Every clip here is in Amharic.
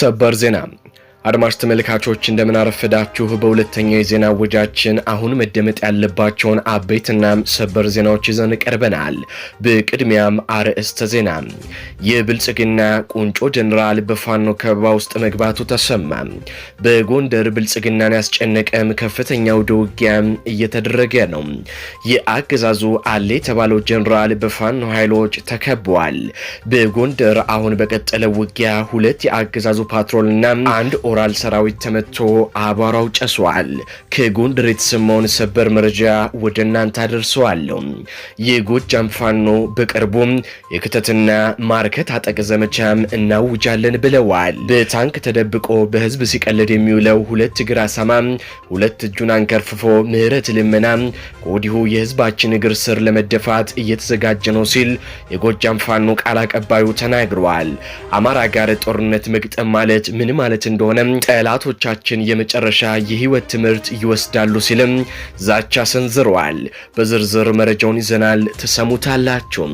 ሰበር ዜና አድማጭ ተመልካቾች እንደምን አረፈዳችሁ። በሁለተኛው የዜና ወጃችን አሁን መደመጥ ያለባቸውን አበይትና ሰበር ዜናዎች ይዘን ቀርበናል። በቅድሚያም አርዕስተ ዜና። የብልጽግና ቁንጮ ጀኔራል በፋኖ ከበባ ውስጥ መግባቱ ተሰማ። በጎንደር ብልጽግናን ያስጨነቀም ከፍተኛ ወደ ውጊያም እየተደረገ ነው። የአገዛዙ አለ የተባለው ጀኔራል በፋኖ ኃይሎች ተከቧል። በጎንደር አሁን በቀጠለው ውጊያ ሁለት የአገዛዙ ፓትሮልና አንድ ኦራል ሰራዊት ተመቶ አቧራው ጨሷል። ከጎንደር የተሰማውን ሰበር መረጃ ወደ እናንተ አደርሰዋለሁ። የጎጃም ፋኖ በቅርቡም የክተትና ማርከት አጠቅ ዘመቻም እናውጃለን ብለዋል። በታንክ ተደብቆ በህዝብ ሲቀለድ የሚውለው ሁለት እግር አሳማ ሁለት እጁን አንከርፍፎ ምህረት ልመና ከወዲሁ የህዝባችን እግር ስር ለመደፋት እየተዘጋጀ ነው ሲል የጎጃም ፋኖ ቃል አቀባዩ ተናግረዋል። አማራ ጋር ጦርነት መግጠም ማለት ምን ማለት እንደሆነ ስለሆነም ጠላቶቻችን የመጨረሻ የህይወት ትምህርት ይወስዳሉ ሲልም ዛቻ ሰንዝረዋል። በዝርዝር መረጃውን ይዘናል፣ ተሰሙታላችሁ።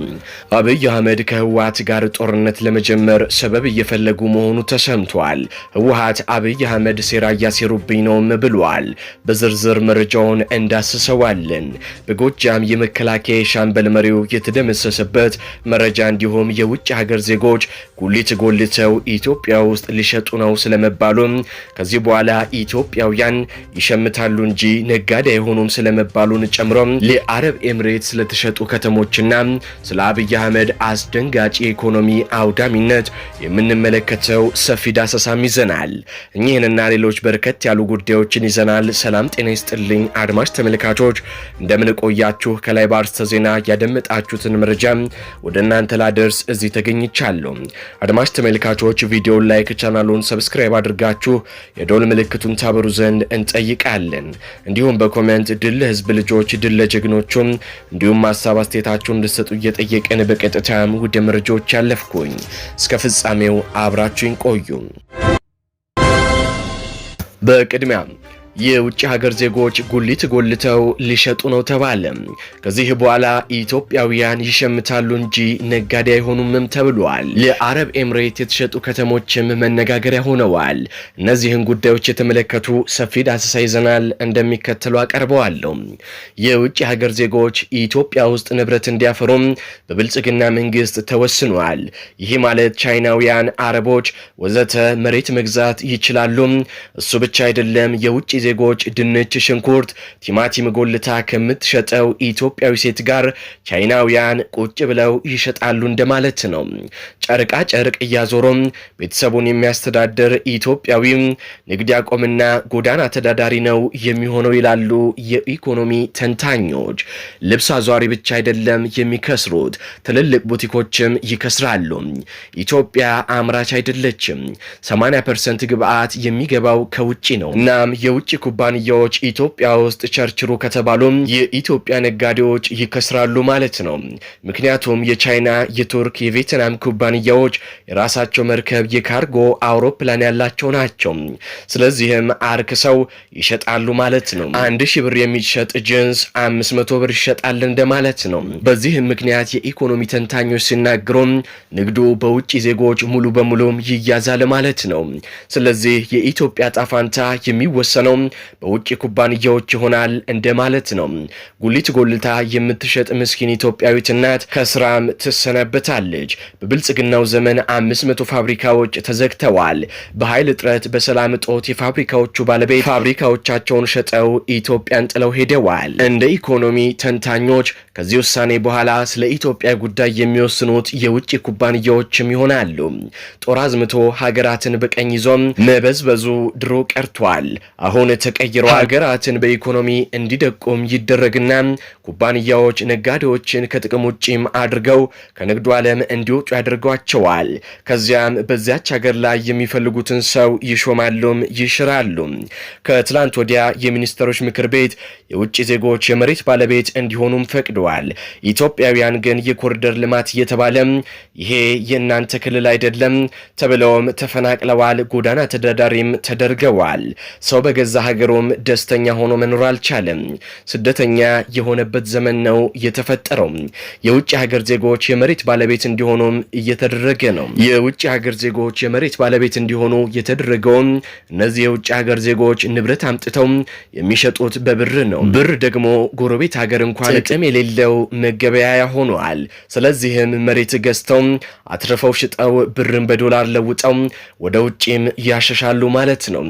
አብይ አህመድ ከህወሀት ጋር ጦርነት ለመጀመር ሰበብ እየፈለጉ መሆኑ ተሰምቷል። ህወሀት አብይ አህመድ ሴራ እያሴሩብኝ ነውም ብሏል። በዝርዝር መረጃውን እንዳስሰዋለን። በጎጃም የመከላከያ የሻምበል መሪው የተደመሰሰበት መረጃ እንዲሁም የውጭ ሀገር ዜጎች ጉሊት ጎልተው ኢትዮጵያ ውስጥ ሊሸጡ ነው ስለመባሉ በመባሉም ከዚህ በኋላ ኢትዮጵያውያን ይሸምታሉ እንጂ ነጋዴ አይሆኑም ስለመባሉን ጨምሮ ለአረብ ኤምሬት ስለተሸጡ ከተሞችና ስለ አብይ አህመድ አስደንጋጭ የኢኮኖሚ አውዳሚነት የምንመለከተው ሰፊ ዳሰሳም ይዘናል። እኚህንና ሌሎች በርከት ያሉ ጉዳዮችን ይዘናል። ሰላም ጤና ይስጥልኝ አድማጭ ተመልካቾች፣ እንደምንቆያችሁ ከላይ ባርስተ ዜና ያደመጣችሁትን መረጃ ወደ እናንተ ላደርስ እዚህ ተገኝቻለሁ። አድማጭ ተመልካቾች ቪዲዮን ላይክ፣ ቻናሉን ሰብስክራይብ አድርጋ አድርጋችሁ የዶል ምልክቱን ታበሩ ዘንድ እንጠይቃለን። እንዲሁም በኮሜንት ድል ለህዝብ ልጆች፣ ድል ለጀግኖቹም እንዲሁም ሀሳብ አስተያየታችሁን እንድሰጡ እየጠየቅን በቀጥታ ወደ መረጃዎች ያለፍኩኝ እስከ ፍጻሜው አብራችሁን ቆዩ። በቅድሚያም የውጭ ሀገር ዜጎች ጉሊት ጎልተው ሊሸጡ ነው ተባለ። ከዚህ በኋላ ኢትዮጵያውያን ይሸምታሉ እንጂ ነጋዴ አይሆኑምም ተብሏል። ለአረብ ኤምሬት የተሸጡ ከተሞችም መነጋገሪያ ሆነዋል። እነዚህን ጉዳዮች የተመለከቱ ሰፊ ዳሰሳ ይዘናል፣ እንደሚከተሉ አቀርበዋለሁ። የውጭ ሀገር ዜጎች ኢትዮጵያ ውስጥ ንብረት እንዲያፈሩም በብልጽግና መንግስት ተወስኗል። ይህ ማለት ቻይናውያን፣ አረቦች ወዘተ መሬት መግዛት ይችላሉ። እሱ ብቻ አይደለም የውጭ ዜጎች ድንች፣ ሽንኩርት፣ ቲማቲም ጎልታ ከምትሸጠው ኢትዮጵያዊ ሴት ጋር ቻይናውያን ቁጭ ብለው ይሸጣሉ እንደማለት ነው። ጨርቃ ጨርቅ እያዞሮም ቤተሰቡን የሚያስተዳድር ኢትዮጵያዊ ንግድ ያቆምና ጎዳና ተዳዳሪ ነው የሚሆነው ይላሉ የኢኮኖሚ ተንታኞች። ልብስ አዟሪ ብቻ አይደለም የሚከስሩት፣ ትልልቅ ቡቲኮችም ይከስራሉ። ኢትዮጵያ አምራች አይደለችም። 80 ፐርሰንት ግብዓት የሚገባው ከውጭ ነው። እናም የውጭ ኩባንያዎች ኢትዮጵያ ውስጥ ቸርችሩ ከተባሉ የኢትዮጵያ ነጋዴዎች ይከስራሉ ማለት ነው። ምክንያቱም የቻይና የቱርክ፣ የቬትናም ኩባንያዎች የራሳቸው መርከብ፣ የካርጎ አውሮፕላን ያላቸው ናቸው። ስለዚህም አርክ ሰው ይሸጣሉ ማለት ነው። አንድ ሺ ብር የሚሸጥ ጅንስ አምስት መቶ ብር ይሸጣል እንደማለት ነው። በዚህም ምክንያት የኢኮኖሚ ተንታኞች ሲናገሩ ንግዱ በውጭ ዜጎች ሙሉ በሙሉ ይያዛል ማለት ነው። ስለዚህ የኢትዮጵያ ጣፋንታ የሚወሰነው በውጭ ኩባንያዎች ይሆናል እንደማለት ነው። ጉሊት ጎልታ የምትሸጥ ምስኪን ኢትዮጵያዊት እናት ከስራም ትሰናበታለች። በብልጽግናው ዘመን አምስት መቶ ፋብሪካዎች ተዘግተዋል። በኃይል እጥረት፣ በሰላም እጦት የፋብሪካዎቹ ባለቤት ፋብሪካዎቻቸውን ሸጠው ኢትዮጵያን ጥለው ሄደዋል። እንደ ኢኮኖሚ ተንታኞች ከዚህ ውሳኔ በኋላ ስለ ኢትዮጵያ ጉዳይ የሚወስኑት የውጭ ኩባንያዎችም ይሆናሉ። ጦር አዝምቶ ሀገራትን በቀኝ ይዞም መበዝበዙ ድሮ ቀርቷል። አሁን አሁን ተቀይሮ ሀገራትን በኢኮኖሚ እንዲደቁም ይደረግና ኩባንያዎች ነጋዴዎችን ከጥቅም ውጪም አድርገው ከንግዱ ዓለም እንዲወጡ ያደርጓቸዋል። ከዚያም በዚያች ሀገር ላይ የሚፈልጉትን ሰው ይሾማሉም ይሽራሉ። ከትላንት ወዲያ የሚኒስትሮች ምክር ቤት የውጭ ዜጎች የመሬት ባለቤት እንዲሆኑም ፈቅደዋል። ኢትዮጵያውያን ግን የኮሪደር ልማት እየተባለም ይሄ የእናንተ ክልል አይደለም ተብለውም ተፈናቅለዋል። ጎዳና ተዳዳሪም ተደርገዋል። ሰው በገዛ ሀገሩም ደስተኛ ሆኖ መኖር አልቻለም። ስደተኛ የሆነበት ዘመን ነው የተፈጠረው። የውጭ ሀገር ዜጎች የመሬት ባለቤት እንዲሆኑም እየተደረገ ነው። የውጭ ሀገር ዜጎች የመሬት ባለቤት እንዲሆኑ የተደረገውም እነዚህ የውጭ ሀገር ዜጎች ንብረት አምጥተው የሚሸጡት በብር ነው። ብር ደግሞ ጎረቤት ሀገር እንኳን ጥቅም የሌለው መገበያያ ሆኗል። ስለዚህም መሬት ገዝተው አትርፈው ሽጠው ብርን በዶላር ለውጠው ወደ ውጭም ያሸሻሉ ማለት ነው።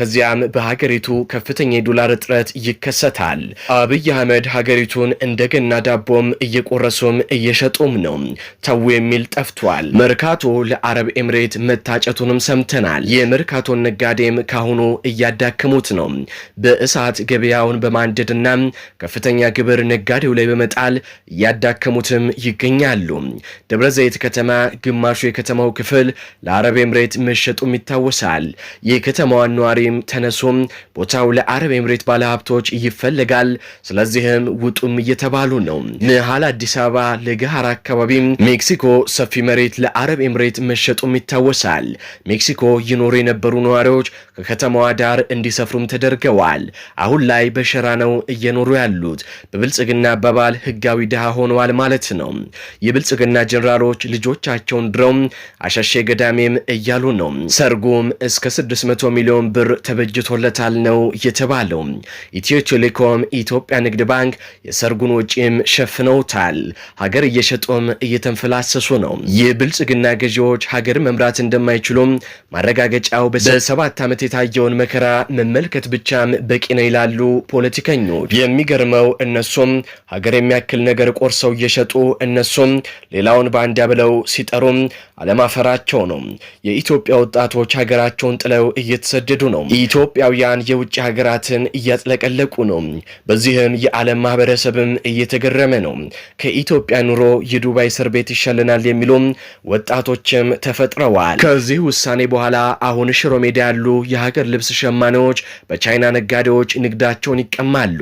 ከዚያም በሀገር በሀገሪቱ ከፍተኛ የዶላር እጥረት ይከሰታል። አብይ አህመድ ሀገሪቱን እንደገና ዳቦም እየቆረሱም እየሸጡም ነው። ተዉ የሚል ጠፍቷል። መርካቶ ለአረብ ኤምሬት መታጨቱንም ሰምተናል። የመርካቶን ነጋዴም ካሁኑ እያዳከሙት ነው። በእሳት ገበያውን በማንደድና ከፍተኛ ግብር ነጋዴው ላይ በመጣል እያዳከሙትም ይገኛሉ። ደብረ ዘይት ከተማ ግማሹ የከተማው ክፍል ለአረብ ኤምሬት መሸጡም ይታወሳል። የከተማዋን ነዋሪም ተነሱም ቦታው ለአረብ ኤምሬት ባለሀብቶች ይፈልጋል። ስለዚህም ውጡም እየተባሉ ነው። መሀል አዲስ አበባ ለገሃር አካባቢ ሜክሲኮ ሰፊ መሬት ለአረብ ኤምሬት መሸጡም ይታወሳል። ሜክሲኮ ይኖሩ የነበሩ ነዋሪዎች ከከተማዋ ዳር እንዲሰፍሩም ተደርገዋል። አሁን ላይ በሸራ ነው እየኖሩ ያሉት። በብልጽግና አባባል ህጋዊ ድሃ ሆነዋል ማለት ነው። የብልጽግና ጀኔራሎች ልጆቻቸውን ድረው አሻሼ ገዳሜም እያሉ ነው። ሰርጉም እስከ 600 ሚሊዮን ብር ተበጅቶለታል ይገኛል ነው የተባለው። ኢትዮ ቴሌኮም፣ ኢትዮጵያ ንግድ ባንክ የሰርጉን ወጪም ሸፍነውታል። ሀገር እየሸጡም እየተንፈላሰሱ ነው። የብልጽግና ገዢዎች ሀገር መምራት እንደማይችሉም ማረጋገጫው በሰባት ዓመት የታየውን መከራ መመልከት ብቻም በቂ ነው ይላሉ ፖለቲከኞች። የሚገርመው እነሱም ሀገር የሚያክል ነገር ቆርሰው እየሸጡ እነሱም ሌላውን ባንዳ ብለው ሲጠሩም አለማፈራቸው ነው። የኢትዮጵያ ወጣቶች ሀገራቸውን ጥለው እየተሰደዱ ነው። ኢትዮጵያውያን ምሁራን የውጭ ሀገራትን እያጥለቀለቁ ነው። በዚህም የዓለም ማህበረሰብም እየተገረመ ነው። ከኢትዮጵያ ኑሮ የዱባይ እስር ቤት ይሻለናል የሚሉም ወጣቶችም ተፈጥረዋል። ከዚህ ውሳኔ በኋላ አሁን ሽሮ ሜዳ ያሉ የሀገር ልብስ ሸማኔዎች በቻይና ነጋዴዎች ንግዳቸውን ይቀማሉ።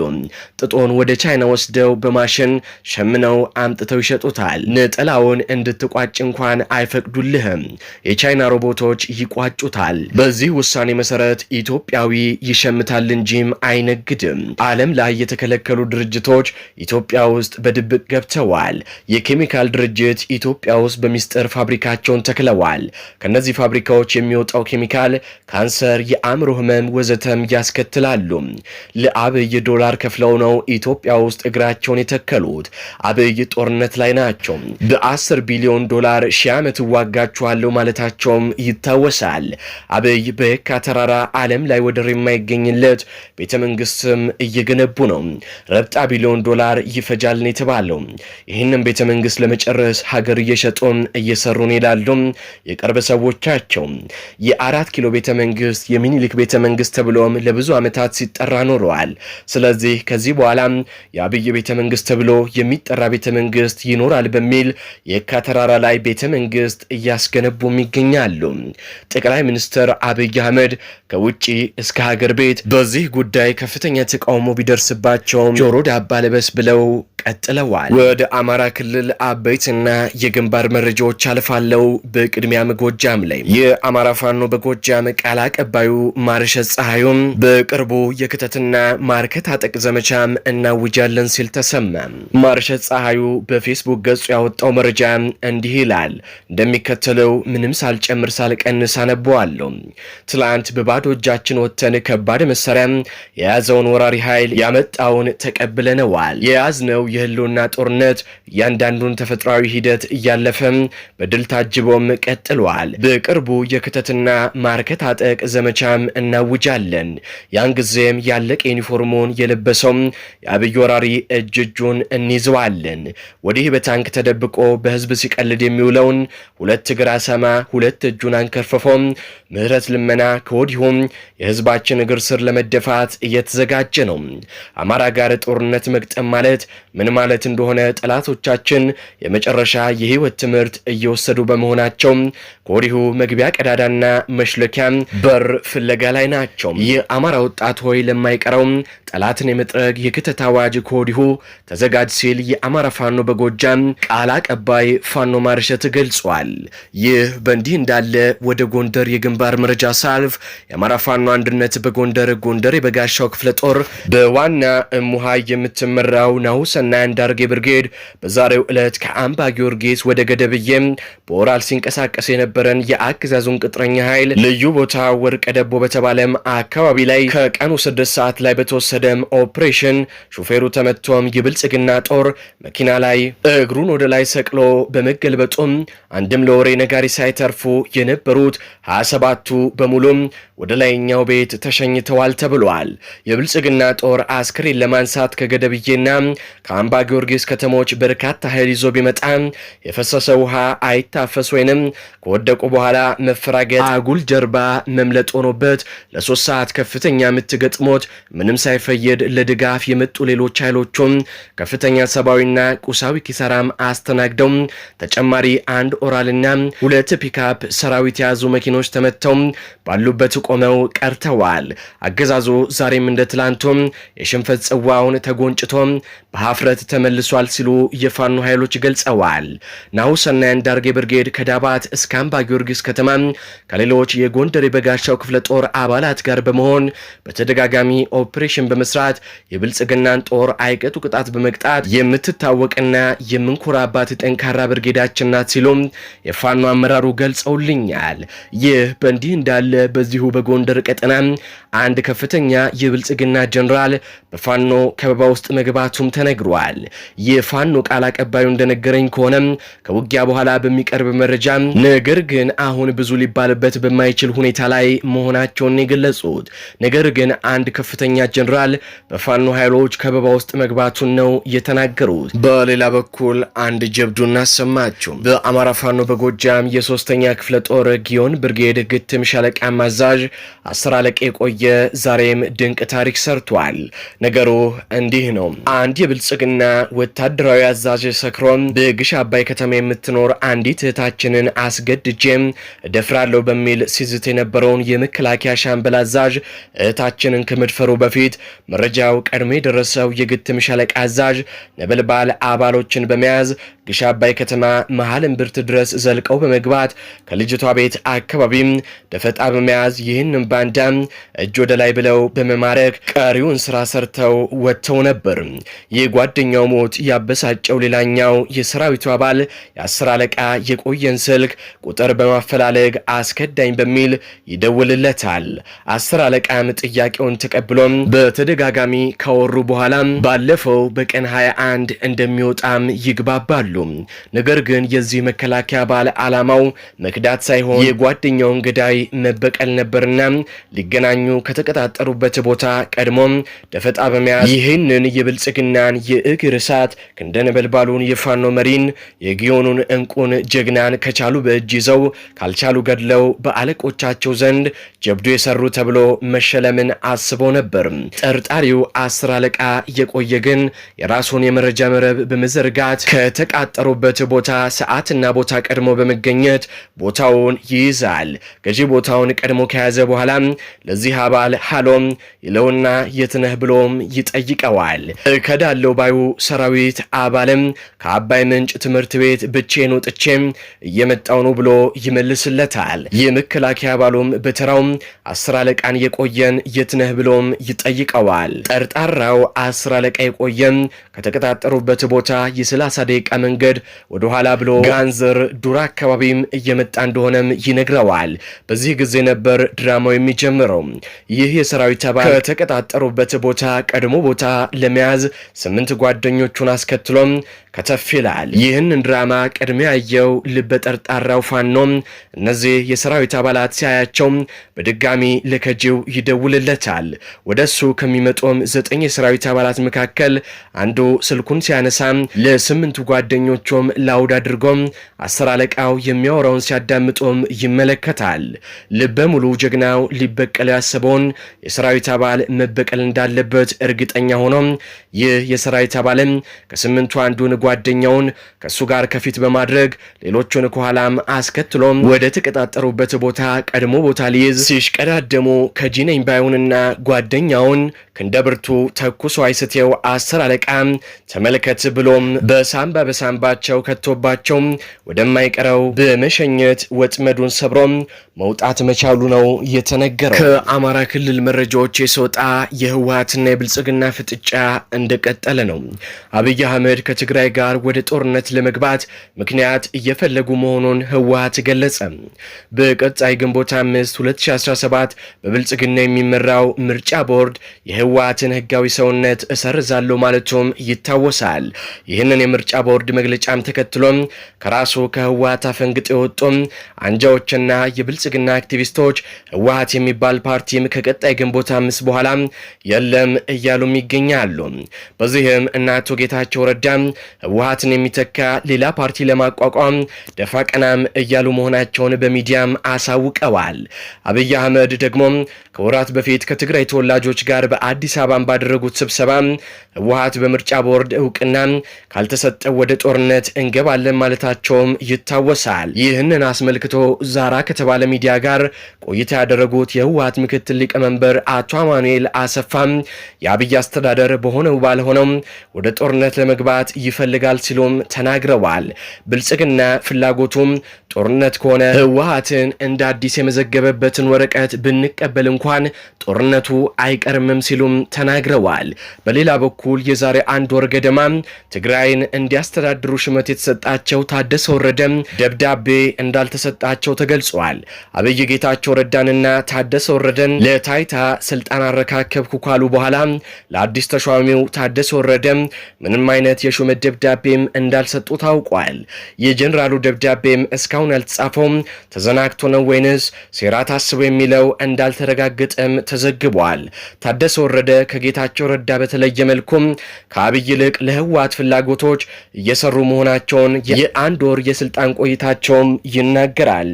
ጥጦን ወደ ቻይና ወስደው በማሽን ሸምነው አምጥተው ይሸጡታል። ነጠላውን እንድትቋጭ እንኳን አይፈቅዱልህም። የቻይና ሮቦቶች ይቋጩታል። በዚህ ውሳኔ መሰረት ኢትዮጵያዊ ይሸምታል እንጂም አይነግድም። ዓለም ላይ የተከለከሉ ድርጅቶች ኢትዮጵያ ውስጥ በድብቅ ገብተዋል። የኬሚካል ድርጅት ኢትዮጵያ ውስጥ በሚስጥር ፋብሪካቸውን ተክለዋል። ከነዚህ ፋብሪካዎች የሚወጣው ኬሚካል ካንሰር፣ የአእምሮ ህመም ወዘተም ያስከትላሉ። ለአብይ ዶላር ከፍለው ነው ኢትዮጵያ ውስጥ እግራቸውን የተከሉት። አብይ ጦርነት ላይ ናቸው። በአስር ቢሊዮን ዶላር ሺህ ዓመት እዋጋችኋለሁ ማለታቸውም ይታወሳል። አብይ በየካ ተራራ ዓለም ላይ ወደር የማይ እንዳይገኝለት ቤተ መንግስትም እየገነቡ ነው። ረብጣ ቢሊዮን ዶላር ይፈጃልን የተባለው ይህንም ቤተ መንግስት ለመጨረስ ሀገር እየሸጡን እየሰሩን ይላሉ የቅርብ ሰዎቻቸው። የአራት ኪሎ ቤተ መንግስት የሚኒሊክ ቤተ መንግስት ተብሎም ለብዙ ዓመታት ሲጠራ ኖረዋል። ስለዚህ ከዚህ በኋላ የአብይ ቤተ መንግስት ተብሎ የሚጠራ ቤተ መንግስት ይኖራል በሚል የካ ተራራ ላይ ቤተ መንግስት እያስገነቡም ይገኛሉ። ጠቅላይ ሚኒስትር አብይ አህመድ ከውጭ እስከ ሀገር ቤት በዚህ ጉዳይ ከፍተኛ ተቃውሞ ቢደርስባቸውም ጆሮ ዳባ ልበስ ብለው ቀጥለዋል። ወደ አማራ ክልል አበይትና የግንባር መረጃዎች አልፋለው። በቅድሚያም ጎጃም ላይ የአማራ ፋኖ በጎጃም ቃል አቀባዩ ማርሸት ፀሐዩም በቅርቡ የክተትና ማርከት አጠቅ ዘመቻም እናውጃለን ሲል ተሰማ። ማርሸት ፀሐዩ በፌስቡክ ገጹ ያወጣው መረጃ እንዲህ ይላል። እንደሚከተለው ምንም ሳልጨምር ሳልቀንስ አነበዋለሁ። ትላንት በባዶ እጃችን ወጥተን ከባድ መሳሪያ የያዘውን ወራሪ ኃይል ያመጣውን ተቀብለነዋል። የያዝነው የህልውና ጦርነት እያንዳንዱን ተፈጥሯዊ ሂደት እያለፈም በድል ታጅቦም ቀጥሏል። በቅርቡ የክተትና ማርከት አጠቅ ዘመቻም እናውጃለን። ያን ጊዜም ያለቀ ዩኒፎርሙን የለበሰውም የአብይ ወራሪ እጅ እጁን እንይዘዋለን። ወዲህ በታንክ ተደብቆ በህዝብ ሲቀልድ የሚውለውን ሁለት እግር አሰማ ሁለት እጁን አንከርፈፎም ምህረት ልመና ከወዲሁም የህዝባችን እግር ስር ለመደፋት እየተዘጋጀ ነው። አማራ ጋር ጦርነት መግጠም ማለት ምን ምን ማለት እንደሆነ ጠላቶቻችን የመጨረሻ የህይወት ትምህርት እየወሰዱ በመሆናቸው ከወዲሁ መግቢያ ቀዳዳና መሽለኪያ በር ፍለጋ ላይ ናቸው። የአማራ ወጣት ሆይ ለማይቀረው ጠላትን የመጥረግ የክተት አዋጅ ከወዲሁ ተዘጋጅ ሲል የአማራ ፋኖ በጎጃም ቃል አቀባይ ፋኖ ማርሸት ገልጿል። ይህ በእንዲህ እንዳለ ወደ ጎንደር የግንባር መረጃ ሳልፍ የአማራ ፋኖ አንድነት በጎንደር ጎንደር የበጋሻው ክፍለ ጦር በዋና እሙሃ የምትመራው ናሁሰና አንዳርጌ ብርጌድ በዛሬው ዕለት ከአምባ ጊዮርጊስ ወደ ገደብዬም በወራል ሲንቀሳቀስ የነበረን የአገዛዙን ቅጥረኛ ኃይል ልዩ ቦታ ወርቀ ደቦ በተባለም አካባቢ ላይ ከቀኑ ስድስት ሰዓት ላይ በተወሰደም ኦፕሬሽን ሹፌሩ ተመቶም የብልጽግና ጦር መኪና ላይ እግሩን ወደ ላይ ሰቅሎ በመገልበጡም አንድም ለወሬ ነጋሪ ሳይተርፉ የነበሩት 27ቱ በሙሉም ወደ ላይኛው ቤት ተሸኝተዋል ተብሏል። የብልጽግና ጦር አስክሬን ለማንሳት ከገደብዬና የአምባ ጊዮርጊስ ከተሞች በርካታ ኃይል ይዞ ቢመጣም የፈሰሰ ውሃ አይታፈስ ወይንም ከወደቁ በኋላ መፈራገጥ አጉል ጀርባ መምለጥ ሆኖበት ለሶስት ሰዓት ከፍተኛ የምትገጥሞት ምንም ሳይፈየድ ለድጋፍ የመጡ ሌሎች ኃይሎቹም ከፍተኛ ሰብአዊና ቁሳዊ ኪሳራም አስተናግደው ተጨማሪ አንድ ኦራልና ሁለት ፒካፕ ሰራዊት የያዙ መኪኖች ተመተው ባሉበት ቆመው ቀርተዋል። አገዛዙ ዛሬም እንደ ትላንቱም የሽንፈት ጽዋውን ተጎንጭቶ በሀፍረ ውፍረት ተመልሷል ሲሉ የፋኖ ኃይሎች ገልጸዋል። ናሁሰናይ አንዳርጌ ብርጌድ ከዳባት እስከ አምባ ጊዮርጊስ ከተማ ከሌሎች የጎንደር የበጋሻው ክፍለ ጦር አባላት ጋር በመሆን በተደጋጋሚ ኦፕሬሽን በመስራት የብልጽግናን ጦር አይቀጡ ቅጣት በመቅጣት የምትታወቅና የምንኮራባት ጠንካራ ብርጌዳችን ናት ሲሉም የፋኖ አመራሩ ገልጸውልኛል። ይህ በእንዲህ እንዳለ በዚሁ በጎንደር ቀጠና አንድ ከፍተኛ የብልጽግና ጀኔራል በፋኖ ከበባ ውስጥ መግባቱም ተነግሯል። ተናግረዋል። የፋኖ ቃል አቀባዩ እንደነገረኝ ከሆነ ከውጊያ በኋላ በሚቀርብ መረጃ ነገር ግን አሁን ብዙ ሊባልበት በማይችል ሁኔታ ላይ መሆናቸውን የገለጹት፣ ነገር ግን አንድ ከፍተኛ ጀኔራል በፋኖ ኃይሎች ከበባ ውስጥ መግባቱን ነው የተናገሩት። በሌላ በኩል አንድ ጀብዱ እናሰማችሁ። በአማራ ፋኖ በጎጃም የሶስተኛ ክፍለ ጦር ጊዮን ብርጌድ ግትም ሻለቃ አዛዥ አስር አለቃ የቆየ ዛሬም ድንቅ ታሪክ ሰርቷል። ነገሩ እንዲህ ነው። አንድ የብልጽግ ባለጸግና ወታደራዊ አዛዥ ሰክሮ በግሽ አባይ ከተማ የምትኖር አንዲት እህታችንን አስገድጄም እደፍራለሁ በሚል ሲዝት የነበረውን የመከላከያ ሻምበል አዛዥ እህታችንን ከመድፈሩ በፊት መረጃው ቀድሞ የደረሰው የግትም ሻለቃ አዛዥ ነበልባል አባሎችን በመያዝ ግሽ አባይ ከተማ መሀል እምብርት ድረስ ዘልቀው በመግባት ከልጅቷ ቤት አካባቢም ደፈጣ በመያዝ ይህንን ባንዳ እጅ ወደ ላይ ብለው በመማረክ ቀሪውን ስራ ሰርተው ወጥተው ነበር። ይህ ጓድ ጓደኛው ሞት ያበሳጨው ሌላኛው የሰራዊቱ አባል የአስር አለቃ የቆየን ስልክ ቁጥር በማፈላለግ አስከዳኝ በሚል ይደውልለታል። አስር አለቃም ጥያቄውን ተቀብሎም በተደጋጋሚ ካወሩ በኋላም ባለፈው በቀን 21 እንደሚወጣም ይግባባሉ። ነገር ግን የዚህ መከላከያ አባል ዓላማው መክዳት ሳይሆን የጓደኛውን ገዳይ መበቀል ነበርና ሊገናኙ ከተቀጣጠሩበት ቦታ ቀድሞም ደፈጣ በመያዝ ይህንን የብልጽግናን እግር እሳት ክንደ ነበልባሉን የፋኖ መሪን የጊዮኑን እንቁን ጀግናን ከቻሉ በእጅ ይዘው ካልቻሉ ገድለው በአለቆቻቸው ዘንድ ጀብዱ የሰሩ ተብሎ መሸለምን አስበው ነበር። ጠርጣሪው አስር አለቃ የቆየ ግን የራሱን የመረጃ መረብ በመዘርጋት ከተቃጠሩበት ቦታ ሰዓትና ቦታ ቀድሞ በመገኘት ቦታውን ይይዛል። ገዢ ቦታውን ቀድሞ ከያዘ በኋላ ለዚህ አባል ሀሎም ይለውና የትነህ ብሎም ይጠይቀዋል። እከዳለው ባይ የነበረው ሰራዊት አባልም ከአባይ ምንጭ ትምህርት ቤት ብቼን ጥቼ እየመጣው ነው ብሎ ይመልስለታል። የመከላከያ አባሉም በተራውም አስር አለቃን የቆየን የትነህ ብሎም ይጠይቀዋል። ጠርጣራው አስር አለቃ የቆየን ከተቀጣጠሩበት ቦታ የሰላሳ ደቂቃ መንገድ ወደኋላ ብሎ ጋንዘር ዱራ አካባቢም እየመጣ እንደሆነም ይነግረዋል። በዚህ ጊዜ ነበር ድራማው የሚጀምረው። ይህ የሰራዊት አባል ከተቀጣጠሩበት ቦታ ቀድሞ ቦታ ለመያዝ ስምንት ጓደኞቹን አስከትሎም ከተፍ ይላል። ይህን ድራማ ቀድሞ ያየው ልበ ጠርጣራው ፋኖ እነዚህ የሰራዊት አባላት ሲያያቸው በድጋሚ ለከጂው ይደውልለታል። ወደሱ ከሚመጡም ዘጠኝ የሰራዊት አባላት መካከል አንዱ ስልኩን ሲያነሳ ለስምንቱ ጓደኞቹም ላውድ አድርጎም አስር አለቃው የሚያወራውን ሲያዳምጡም ይመለከታል። ልበ ሙሉ ጀግናው ሊበቀል ያሰበውን የሰራዊት አባል መበቀል እንዳለበት እርግጠኛ ሆኖም ይህ የሰራዊት አባልም ከስምንቱ አንዱን ጓደኛውን ከእሱ ጋር ከፊት በማድረግ ሌሎቹን ከኋላም አስከትሎም ወደ ተቀጣጠሩበት ቦታ ቀድሞ ቦታ ሊይዝ ሲሽቀዳደሙ ከጂነኝ ባዩንና ጓደኛውን ክንደብርቱ ተኩሶ አይስቴው አስር አለቃ ተመልከት ብሎም በሳምባ በሳምባቸው ከቶባቸው ወደማይቀረው በመሸኘት ወጥመዱን ሰብሮም መውጣት መቻሉ ነው የተነገረው። ከአማራ ክልል መረጃዎች የሰወጣ የህወሀትና የብልጽግና ፍጥጫ እንደቀጠለ ነው። አብይ አህመድ ከትግራይ ጋር ወደ ጦርነት ለመግባት ምክንያት እየፈለጉ መሆኑን ህወሀት ገለጸ። በቀጣይ ግንቦት 5 2017 በብልጽግና የሚመራው ምርጫ ቦርድ የህወሓትን ህጋዊ ሰውነት እሰርዛለሁ ማለቱም ይታወሳል። ይህንን የምርጫ ቦርድ መግለጫም ተከትሎም ከራሱ ከህወሀት አፈንግጥ የወጡም አንጃዎችና የብልጽግና አክቲቪስቶች ህወሀት የሚባል ፓርቲም ከቀጣይ ግንቦት አምስት በኋላ የለም እያሉም ይገኛሉ። በዚህም እነ አቶ ጌታቸው ረዳ ህወሀትን የሚተካ ሌላ ፓርቲ ለማቋቋም ደፋ ቀናም እያሉ መሆናቸውን በሚዲያም አሳውቀዋል። አብይ አህመድ ደግሞ ከወራት በፊት ከትግራይ ተወላጆች ጋር በአ አዲስ አበባን ባደረጉት ስብሰባ ህወሀት በምርጫ ቦርድ እውቅና ካልተሰጠው ወደ ጦርነት እንገባለን ማለታቸውም ይታወሳል። ይህንን አስመልክቶ ዛራ ከተባለ ሚዲያ ጋር ቆይታ ያደረጉት የህወሀት ምክትል ሊቀመንበር አቶ አማኑኤል አሰፋም የአብይ አስተዳደር በሆነው ባልሆነው ወደ ጦርነት ለመግባት ይፈልጋል ሲሉም ተናግረዋል። ብልጽግና ፍላጎቱም ጦርነት ከሆነ ህወሀትን እንደ አዲስ የመዘገበበትን ወረቀት ብንቀበል እንኳን ጦርነቱ አይቀርምም ሲሉ እንደሚወስዱም ተናግረዋል። በሌላ በኩል የዛሬ አንድ ወር ገደማ ትግራይን እንዲያስተዳድሩ ሹመት የተሰጣቸው ታደሰ ወረደ ደብዳቤ እንዳልተሰጣቸው ተገልጿል። አብይ ጌታቸው ረዳንና ታደሰ ወረደን ለታይታ ስልጣን አረካከብኩ ካሉ በኋላ ለአዲስ ተሿሚው ታደሰ ወረደም ምንም አይነት የሹመት ደብዳቤም እንዳልሰጡ ታውቋል። የጀኔራሉ ደብዳቤም እስካሁን ያልተጻፈውም ተዘናግቶ ነው ወይንስ ሴራ ታስቦ የሚለው እንዳልተረጋገጠም ተዘግቧል። ታደሰ ወረደ ከጌታቸው ረዳ በተለየ መልኩም ከአብይ ይልቅ ለህወሓት ፍላጎቶች እየሰሩ መሆናቸውን የአንድ ወር የስልጣን ቆይታቸውም ይናገራል።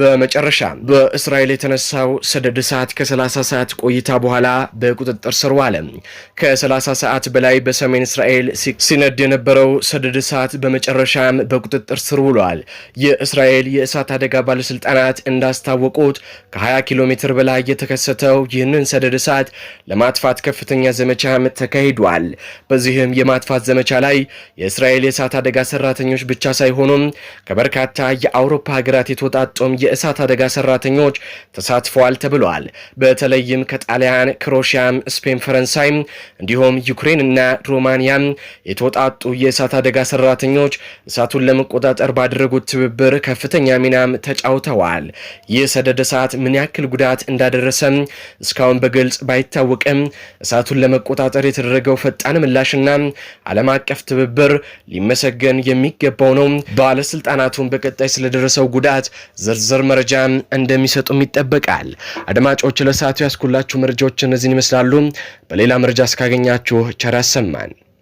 በመጨረሻ በእስራኤል የተነሳው ሰደድ እሳት ከ30 ሰዓት ቆይታ በኋላ በቁጥጥር ስር ዋለ። ከ30 ሰዓት በላይ በሰሜን እስራኤል ሲነድ የነበረው ሰደድ እሳት በመጨረሻም በቁጥጥር ስር ውሏል። የእስራኤል የእሳት አደጋ ባለስልጣናት እንዳስታወቁት ከ20 ኪሎ ሜትር በላይ የተከሰተው ይህንን ሰደድ እሳት ለማት ለማጥፋት ከፍተኛ ዘመቻ ተካሂዷል። በዚህም የማጥፋት ዘመቻ ላይ የእስራኤል የእሳት አደጋ ሰራተኞች ብቻ ሳይሆኑም ከበርካታ የአውሮፓ ሀገራት የተወጣጡም የእሳት አደጋ ሰራተኞች ተሳትፈዋል ተብሏል። በተለይም ከጣሊያን፣ ክሮሽያም፣ ስፔን፣ ፈረንሳይም እንዲሁም ዩክሬን እና ሮማንያም የተወጣጡ የእሳት አደጋ ሰራተኞች እሳቱን ለመቆጣጠር ባደረጉት ትብብር ከፍተኛ ሚናም ተጫውተዋል። ይህ ሰደድ እሳት ምን ያክል ጉዳት እንዳደረሰም እስካሁን በግልጽ ባይታወቅም እሳቱን ለመቆጣጠር የተደረገው ፈጣን ምላሽና ዓለም አቀፍ ትብብር ሊመሰገን የሚገባው ነው። ባለስልጣናቱን በቀጣይ ስለደረሰው ጉዳት ዝርዝር መረጃ እንደሚሰጡም ይጠበቃል። አድማጮች ለሰዓቱ ያስኩላችሁ መረጃዎች እነዚህን ይመስላሉ። በሌላ መረጃ እስካገኛችሁ ቸር ያሰማን።